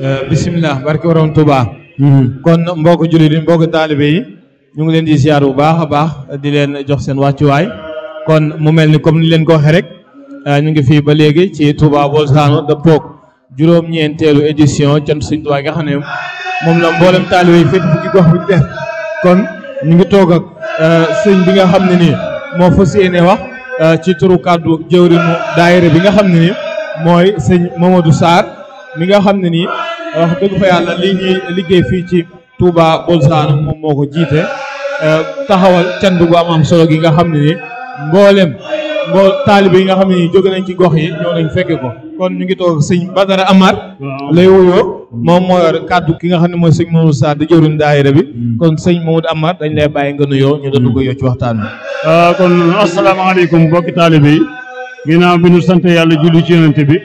Bismillah, barke borom Touba. Mhm. kon mbokk jullit yi mbokk taalibe yi ñu ngi leen di ziar bu baax a baax di leen jox seen wàccuwaay kon mu mel ni comme ni leen ko waxee rek euh, ñu ngi fii ba léegi ci Touba Bolzano dëppook juróom-ñeenteelu édition cant Sëñ Tuubaa nga xam ne moom la mboolem taalibe yi fépp fukki gox bu ñu def kon ñu ngi toog ak euh, sëñ bi nga xam ne nii moo fas yéene wax euh, ci turu kàddu jëwriñu daayira bi nga xam ne nii mooy Mamadou Sarr mi nga xam ne Euh, wax dëgg fa yàlla lii ñuy liggéey fii ci Touba Bolzano moom moo ko jiite euh, taxawal cant bu am am solo gi nga xam ne ni mboolem mboo taalibe yi nga xam ne ni jóge nañ ci gox yi ñoo nañ fekke ko kon ñu ngi toog sëñ Badara Amar lay wuyoo moom moo yor kàddu ki nga xam ne mooy sëñ Mamadou Sarr di jëwriñ daayira bi hmm. kon sëñ Mamadou Amar dañ lay bàyyi nga nuyoo ñu doon ko yow ci waxtaan bi euh, kon asalaamaaleykum mbokki taalibe yi ginnaaw bi ñu sant yàlla julli ci bi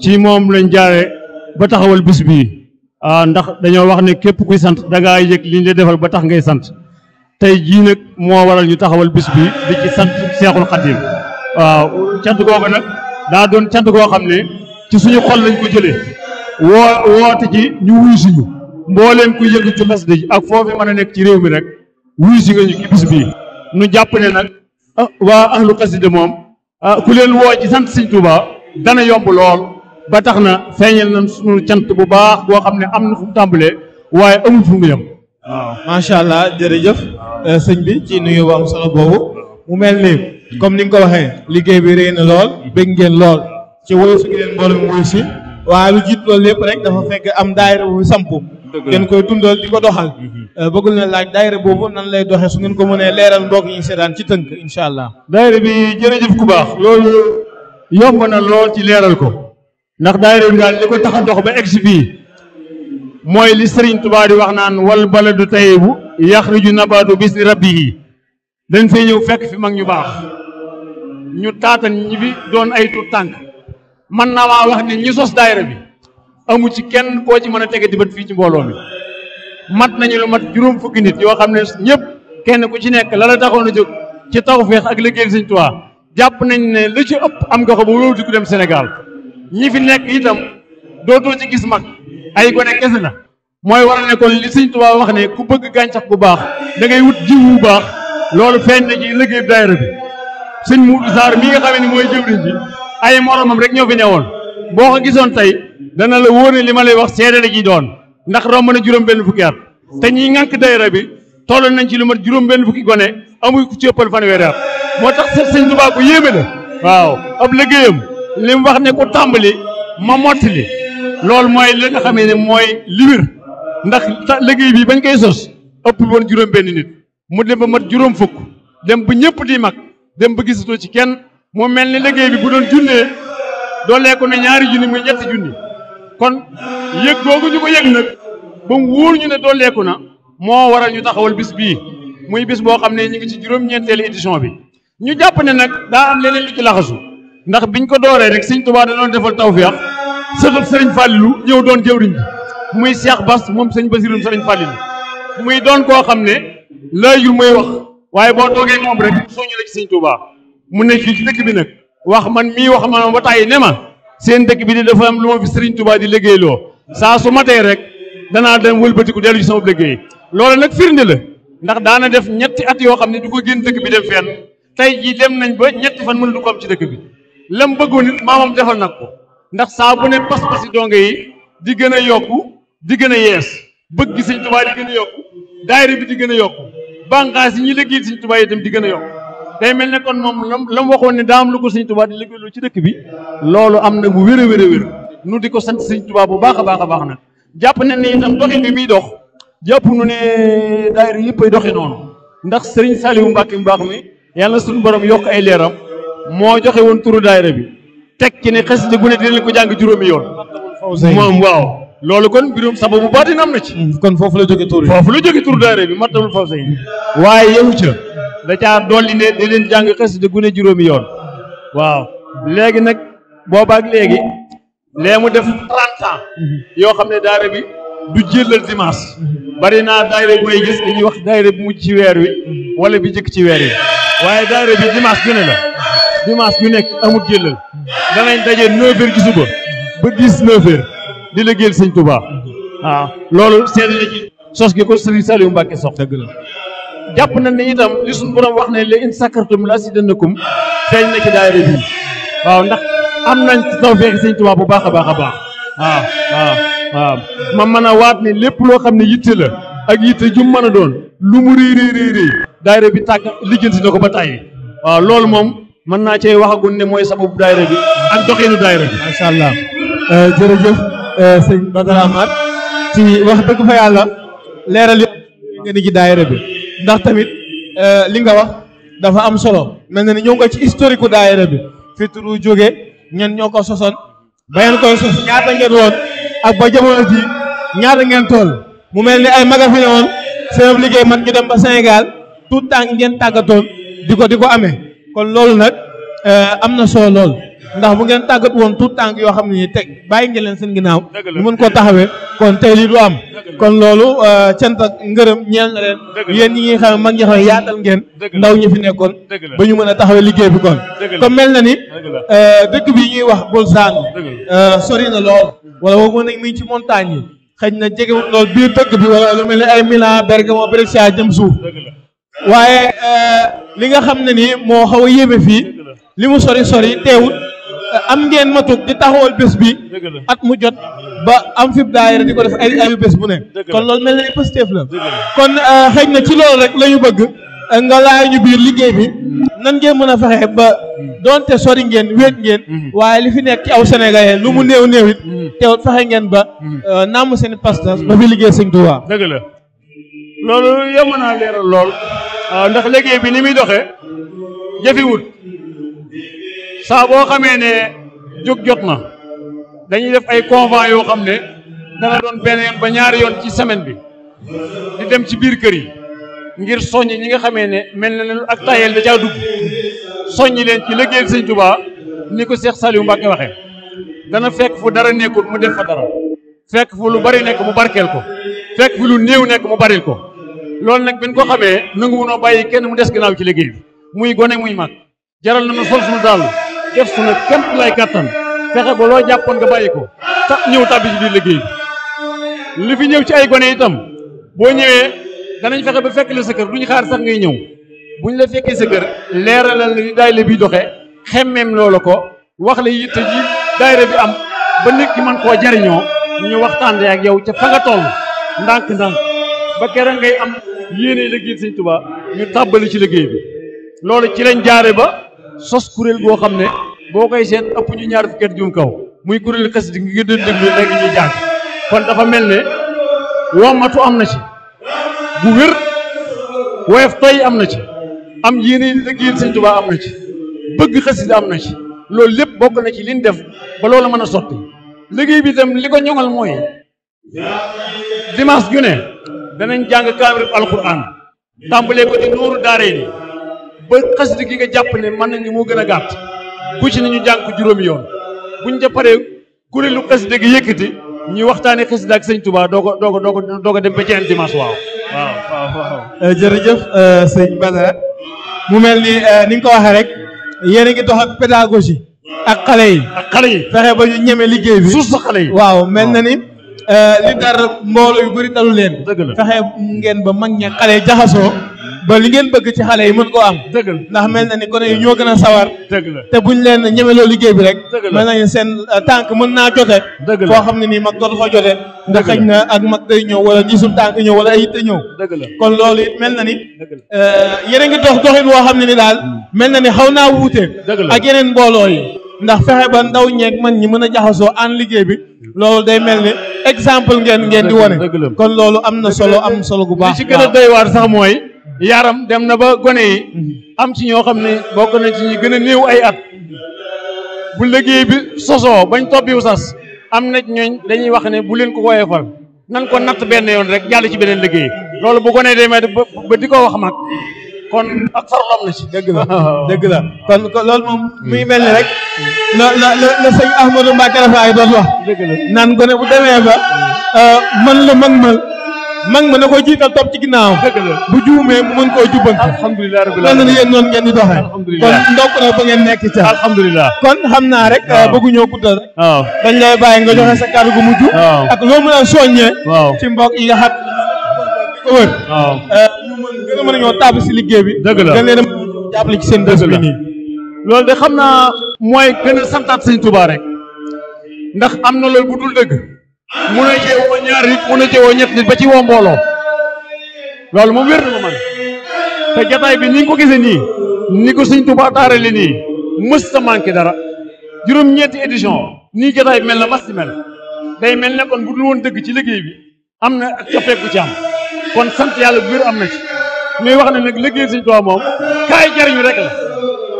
ci moom lañ jaare ba taxawal bis bii ah, ndax dañoo wax ne képp kuy sant dangaa yëg li le la defal ba tax ngay sant tey jii nag moo waral ñu taxawal bis bi di ci sant Seexul Xadiim waaw ah, cant googu nag daa doon cant goo xam ne ci suñu xol lañ ko jëlee woo woote ji ñu wuy suñu mbooleem ku yëngu ci xasida ji ak foofu mën a nekk ci réew mi rek wuy si nga ñu ci bis bii nu jàpp ne nag ah, waa ahlu xasida moom ku woo ci sant Sëñ Tuubaa dana yomb lool ba tax na feeñal nañ suñu cant bu baax boo xam ne am na fu mu waaye amul fu mu yem. waaw macha allah jërëjëf euh, sëñ bi ci nuyu bu am solo boobu mu mel ni comme ni nga ko waxee liggéey bi rëy na lool bégg ngeen lool ci wuyu si ngeen mbooloo mi si waaye lu jiit loolu lépp rek dafa fekk am daayira bu samp ngeen koy dundal di ko doxal euh, bëggul na laaj daayira boobu nan lay doxee su ngeen ko mënee leeral mbokk yi seetaan ci tënk incha allah daayira bi jërëjëf ku baax loolu yomb na lool ci leeral ko Nak daayira ngal liko li dox ba li serigne touba di wax nan wal baladu tayyibu yakhruju nabatu bis rabbih rabbihi dañ fay ñew fekk fi mag ñu bax ñu taatan ñi bi doon ay tur tank man na wa wax ni ñi sos daayira bi amu ci kenn ko ci mëna tege di bët ci mbolo mi mat nañu lu mat juroom fukki nit yo xamne ñepp kenn ku ci nekk la la taxoon a ci tawfiq ak liggéey serigne touba japp nañ ne li ci ëpp am nga ko di ko dem senegal ñi fi nekk itam dootoo ci gis mag ay gone kese la mooy waral ne kon li Sëñ Tuubaa wax ne ku bëgg gàncax gu baax da ngay wut jiw bu baax loolu feeñ na ci liggéey daayira bi sëñ Muudu Saar mi nga xam ne mooy jëwriñ bi ay moromam rek ñoo fi woon boo ko gisoon tey dana la wóor ne li ma lay wax seede la ji doon ndax romb na juróom benn fukki at te ñiy ŋànk daayira bi toll nañ ci lu mat juróom benn fukki gone amuy ku ci ëppal moo tax sëñ Tuubaa ku yéeme la waaw ab liggéeyam li mu wax ne ku tàmbali ma mottali loolu mooy li nga xamee ne mooy li wér ndax liggéey bi bañ koy sos ëpp woon juróom benn nit mu dem ba mat juróom fukk dem bu ñëpp di mag dem ba gisatoo ci kenn mu mel ni liggéey bi bu doon junnee dooleeku na ñaari junni muy ñetti junni kon yëg googu ñu ko yëg nag ba mu wóor ñu ne dooleeku na moo waral ñu taxawal bis bii muy bis boo xam ne ñu ngi ci juróom-ñeenteelu édition bi ñu jàpp ne nag daa am leneen lu ci laxasu ndax biñ ko dooree rek sëñ Tuubaa da doon defal tawféex sëtub sëriñ Fallilou ñëw doon jëwriñ bi muy Cheikh Bass moom sëñ Basirum sëriñ Fallilou muy doon koo xam ne laajul mooy wax waaye boo doogee moom rek soñu la ci sëñ Tuubaa mu nekk fii ci dëkk bi nag wax man mii wax ma ba tàyyi ne ma seen dëkk bi di dafa am lu ma fi sëriñ Tuubaa di liggéeyloo saa su matee rek danaa dem wëlbatiku dellu ci sama liggéey loolu nag firnde la ndax daana def ñetti at yoo xam ne du ko génn bi dem fenn tey jii dem nañ ba ñetti fan mënu du ko am ci dëkk bi lam bëggoon it maamam defal nag ko ndax saa bu ne pas-pasi donge yi di gën a yokk di gën a yees bëgg sëñ Tuubaa di gën a yokku bi di gën a yokku bànqaas yi ñuy liggéey sëñ Tuubaa itam di gën a yokku day mel ne kon moom lam lam waxoon ne daam lu ko sëñ Tuubaa di liggéeyloo ci dëkk bi loolu am na bu wér a nu di ko sant sëñ Tuubaa bu baax a baax a baax nag jàpp nañ ne itam doxin bi muy dox jàpp nu ne daayira yëpp ay doxi noonu ndax sëriñ Saliou Mbacke Mbacke mi yàlla suñu borom yokk ay leeram moo joxe woon turu daayira bi tekki ne xasida gu ne dinañ ko jàng juróomi yoon. moom waaw. loolu kon mbirum sababu baatin am na ci. kon foofu la jóge turu foofu la jóge turu daayira bi Matlabul Fawzayni. waaye yemu ci la. da caa dolli ne dinañ jàng xasida gu ne juróomi yoon. waaw léegi nag boobaak léegi. lee mu def 30 ans. yoo xam ne daayira bi du jëlal dimanche. bari naa daayira bi may gis li ñuy wax daayira bi mujj ci weer wi. wala bi jëkk ci weer wi. waaye daayira bi dimanche gën la. dimanche bu nekk amul jëllal danañ daje 9h ci suba ba gis h di liggéeyal sëñ Touba waaw ah, loolu seede la ci sos gi ko sëriñ Saliou Mbacke sox dëgg la jàpp nañ ne itam li suñu borom wax ne la in sakartum la azidannakum feeñ na ci daayira bi waaw ndax am nañ ci tawfeexi sëñ Touba bu baax a baax a baax waaw ah, ah, ma mën a waat ne lépp loo xam ne yitte la ak yitte jum mën a doon lu mu réy réy réy daayira bi tàgg lijjanti na ko ba tàyyi waaw loolu moom mën naa cee waxagum ne mooy sababu daayira bi ak doxinu daayira bi. macha allah euh, jërëjëf euh, sëñ Badara Amar ci wax dëgg fa yàlla leeral yëpp nga ni ci daayira bi ndax tamit euh, li nga wax dafa am solo mel na ni ñëw nga ci historique daayira bi fi turu jóge ñen ñoo ko sosoon ba ngeen koy sos ñaata ngeen woon ak ba jamono ji ñaata ngeen tool mu mel ni ay maga fi ne woon seen liggéey man ñu dem ba Sénégal tout temps ngeen tàggatoon di ko di ko amee. kon loolu nag eh, am na solo lool ndax bu ngeen tàggat woon tout tànk yoo xam ne nii teg bàyyi ngeen leen seen ginnaaw lu mën koo taxawee kon tey lii du am kon loolu eh, cant ak ngërëm ñeel na leen yéen ñi ngi xam mag ñi xam yaatal ngeen ndaw ñi fi nekkoon ba ñu mën a taxawee liggéey bi kon comme mel na ni eh, dëkk bi ñuy wax Bolzano sori na lool wala woo mën nag mi ci montagne yi xëy na jegewut lool biir dëkk bi wala lu mel ni ay Milan Bergamo Brescia jëm suuf waaye eh, li nga xam ne nii moo xaw yéeme fii li mu sori sori teewut eh, am ngeen matug di taxawal bés bi at mu jot ba am fi daayira di ko def ay ayu bés bu ne kon loolu mel na ni la kon eh, xëy na ci loolu rek la ñu bëgg nga laay ñu biir liggéey bi nan ngeen mën a fexe ba doonte sori ngeen wéet ngeen mhm. waaye li fi nekk ci aw sénégalais lu mu néew néew it mhm. teewut fexe ngeen ba mhm. naam seen pastas ba fi liggéey sëñ Tuubaa dëgg la loolu yomb naa leeral lool ndax liggéey bi ni doxé jëfi wut sa bo xamé ne jóg jotna dañuy def ay convent yo xamné da la doon benn yoon ba ñaar yoon ci semaine bi di dem ci biir kër yi ngir soñ ñi nga xamé ne mel na leen ak tayel da caa dugg soññi leen ci liggéey Sëñ touba ni ko cheikh Saliou Mbàkke waxee dana fekk fu dara nekkul mu def fa dara fekk fu lu bari nekk mu barkel ko fekk fu lu néew nekk mu baril ko loolu nag biñ ko xamee nangu noo bàyyi kenn mu des ginnaaw ci liggéey bi muy gone muy mag jaral nañu sol suñu daal def suñu kémt lay kàttan fexe ba loo jàppoon nga bàyyi ko tax ñëw tàbbi ci biir liggéey bi li fi ñëw ci ay gone itam boo ñëwee danañ fexe ba fekk la sa kër duñu xaar sax ngay ñëw buñ la fekkee sa kër leeralal li daayira bi doxee xemmeem loola ko wax la yitte ji daayira bi am ba nit ki mën koo jariñoo ñu waxtaan ak yow ca fa nga toll ndànk ba keroog am yéene liggéey sëñ Tuubaa ñu tàbbali ci liggéey bi loolu ci lañ jaare ba sos kuréel goo xam ne boo koy seet ëpp ñaar fukki kaw muy kuréel xasida gi nga doon déglu léegi ñuy kon dafa mel ne wommatu am na ci bu wér woyof am na ci am yéene liggéey sëñ Tuubaa am na ci bëgg xasida am na ci loolu lépp bokk na ci liñ def ba loolu mën a sotti liggéey bi itam li ko ñoŋal mooy dimanche ju ne danañ jàng kaamil alquran tàmbalee ko di nooru daaree ba xasida gi nga jàpp ne mën nañ ni moo gën a gàtt ku ci ñu jàng ko juróomi yoon buñ ca paree kuréelu xasida gi yëkkati ñu waxtaanee xasida ak sëñ Tuubaa doo ko doo ko doo ko doo ko dem ba ci dimanche waaw waaw waaw eh, jërëjëf eh, sëñ Badara mu mel ni eh, ni nga ko waxee rek yéen gi ngi dox ak pédagogie xale yi ak xale yi fexe ba ñu ñeme liggéey bi suuf sa xale yi waaw mel na ni Euh, li dar mbooloo yu bëri dalu leen. dëgg la fexe ngeen ba mag ña xale jaxasoo. ba li ngeen bëgg ci xale yi mën koo am. dëgg ndax mel na ni gone yi ñoo gën a sawar. dëgg la te buñ leen ñemeloo liggéey bi rek. dëgg la mel na ni seen euh, tànk mën naa jote. dëgg la foo xam ne nii mag dootu fa jote. nga xëj na ak mag day ñëw wala gisul tànk ñëw wala ay yitte ñëw. dëgg la kon loolu it mel na ni. Euh, yéen a ngi dox doxin woo xam ne ni daal. Mm. mel na ni xaw naa wuute. ak yeneen mbooloo yi. ndax fexe ba ndaw ñeeg man ñi mën a jaxasoo ànd liggéey bi loolu day mel ni exemple ngeen ngeen di wane kon loolu am na solo am solo gu baax li ci gën day waar sax mooy yaaram dem na ba gone yi mhm. am ci ñoo xam ne bokk nañ ci ñi gën néew ay at bu liggéey bi sosoo bañ toppiwu sas am na ñooñ dañuy wax ne bu leen ko woyefal nan ko natt benn yoon rek jàll ci beneen liggéey loolu bu gone demee ba di ko wax mag kon ak farlam la ci dëgg la dëgg la kon loolu moom muy mel ni rek la la la sëñ Ahmadou Mbacke Rafaay doon wax naan gone bu demee ba mën la mag mal mag ma na ko jiital topp ci ginnaaw bu juumee mu mën koo jubbanti alhamdulilah rabbil alamin yéen noonu ngeen di doxee kon ndokk la ba ngeen nekk ci alhamdulilah kon xam naa rek bëgguñoo guddal rek dañ lay bàyyi nga joxe sa kàddu gu mujj ak loo mën a soññee ci mbokk yi nga xam ko wër. waaw euh, ñu mën si liggéey bi. dëgg la gën leen ci seen bés bi nii. loolu de xam naa mooy gën a santaat sëñ Tuubaa rek ndax am na loolu bu dul dëgg. mun a jéewoo ñaar nit a jéewoo ñett ba ci woo mbooloo loolu moom wér ma man te jataay bi ni ko gisee nii ni ko sëñ Tuubaa taarale nii mës sa manqué dara juróom-ñeenti édition nii jataay bi mel na mas mel day mel nekkoon kon bu dul woon dëgg ci liggéey bi am na ak cofeeku ci am kon sant yàlla bu wér am na ci ñuy wax ne nag liggéey Sëñ Tuubaa moom kaay jariñu rek la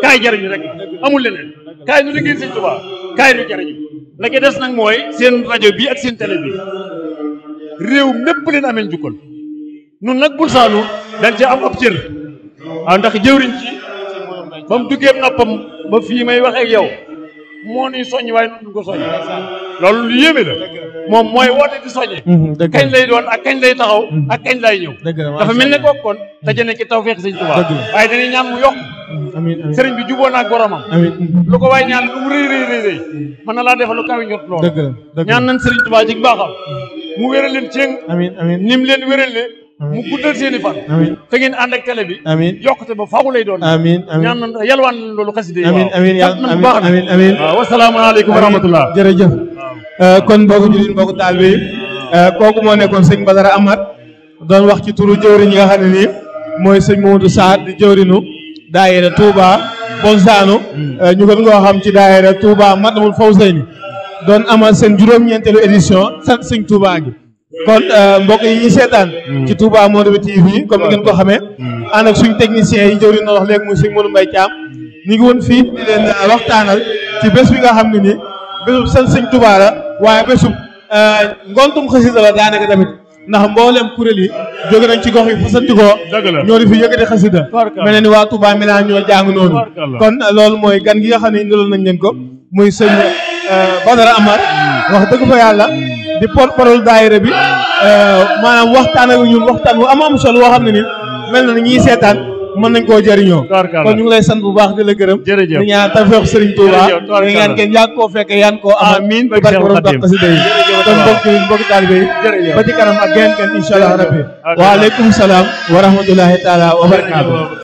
kaay jariñu rek la amul leneen kaay nu liggéey Sëñ Tuubaa kaay nu jariñu la ca des nag mooy seen rajo bi ak seen télé bi réew mépp leen ameen jukkal nun nag bul saanu dañ ci am ab cër waaw ndax jëwriñ ci ba mu duggee noppam ba fii may wax ak yow moo ni soññ waaye noonu ko soññ loolu lu yéeme la moom mooy woote di soññe mm-hmm, kañ lay doon ak kañ lay taxaw ak kañ lay ñëw dafa mel ne kooku kon daje na ci tawfeex sëñ Tuubaa waaye dañuy ñaan mu yokk mm-hmm. sëriñ bi juboo naag boromam lu ko waaye ñaan lu mu rëy rëy rëy mm-hmm. mën na laa defal lu kawi ñot loolu ñaan nañ sëriñ Tuubaa ci baaxam mu wéral leen ceeng nim leen wéral ne mu guddal seeni fan te ngeen ànd ak télé bi amiin yokkute ba faaw lay doon amiin amiin ñaan na yalwaan loolu xaside amiin amiin amiin amiin waaw wasalaamaaleykum wa rahmatullah jërëjëf Euh, kon mbokku jullit mbokku taal bi euh, kooku moo nekkoon sëñ Badara Amath doon wax ci turu jëwriñ yi nga xam ne nii mooy sëñ Mamadou Sarr di jëwriñu daayira Touba Bolzano euh, ñu gën koo xam ci daayira Touba Matlabul Fawzayni doon amal seen juróom-ñeenteelu édition sant sëñ Touba gi. kon mbokk yi ñu seetaan. ci Touba Monde bi TV comme ngeen ko xamee. ànd suñ technicien yi jëwriñ na wax léegi muy sëñ Modou Mbaye Thiam ñu ngi woon fii di leen waxtaanal ci bés bi nga xam ne nii bésub sant sëñ waaye bésub euh, ngontum xasida la daanaka tamit ndax mboolem kuréel yi jóge nañ ci gox yi fasantikoo ñoo di fi yëkkati xasida mel ni waa Touba Milan ñoo jàng noonu kon euh, loolu mooy gan gi nga xam ne indiloon nañ leen ko muy sëñ euh, Badara Amar wax dëgg fa yàlla di porte parole daayira bi maanaam waxtaan ak ñun waxtaan bu am am solo woo xam ne ni mel na ni ñuy seetaan mën nañ koo jariñoo kon ñu lay sant bu baax di la gërëm jërëjëf di ñaan tawfeex Serigne ngeen yàgg koo fekke yaan ko amiin ba barke borom dox xasida yi kon mbokk yi mbokk taalibe yi ba ci kanam ak geen rabbi waaleykum salaam wa rahmatulahi taala wa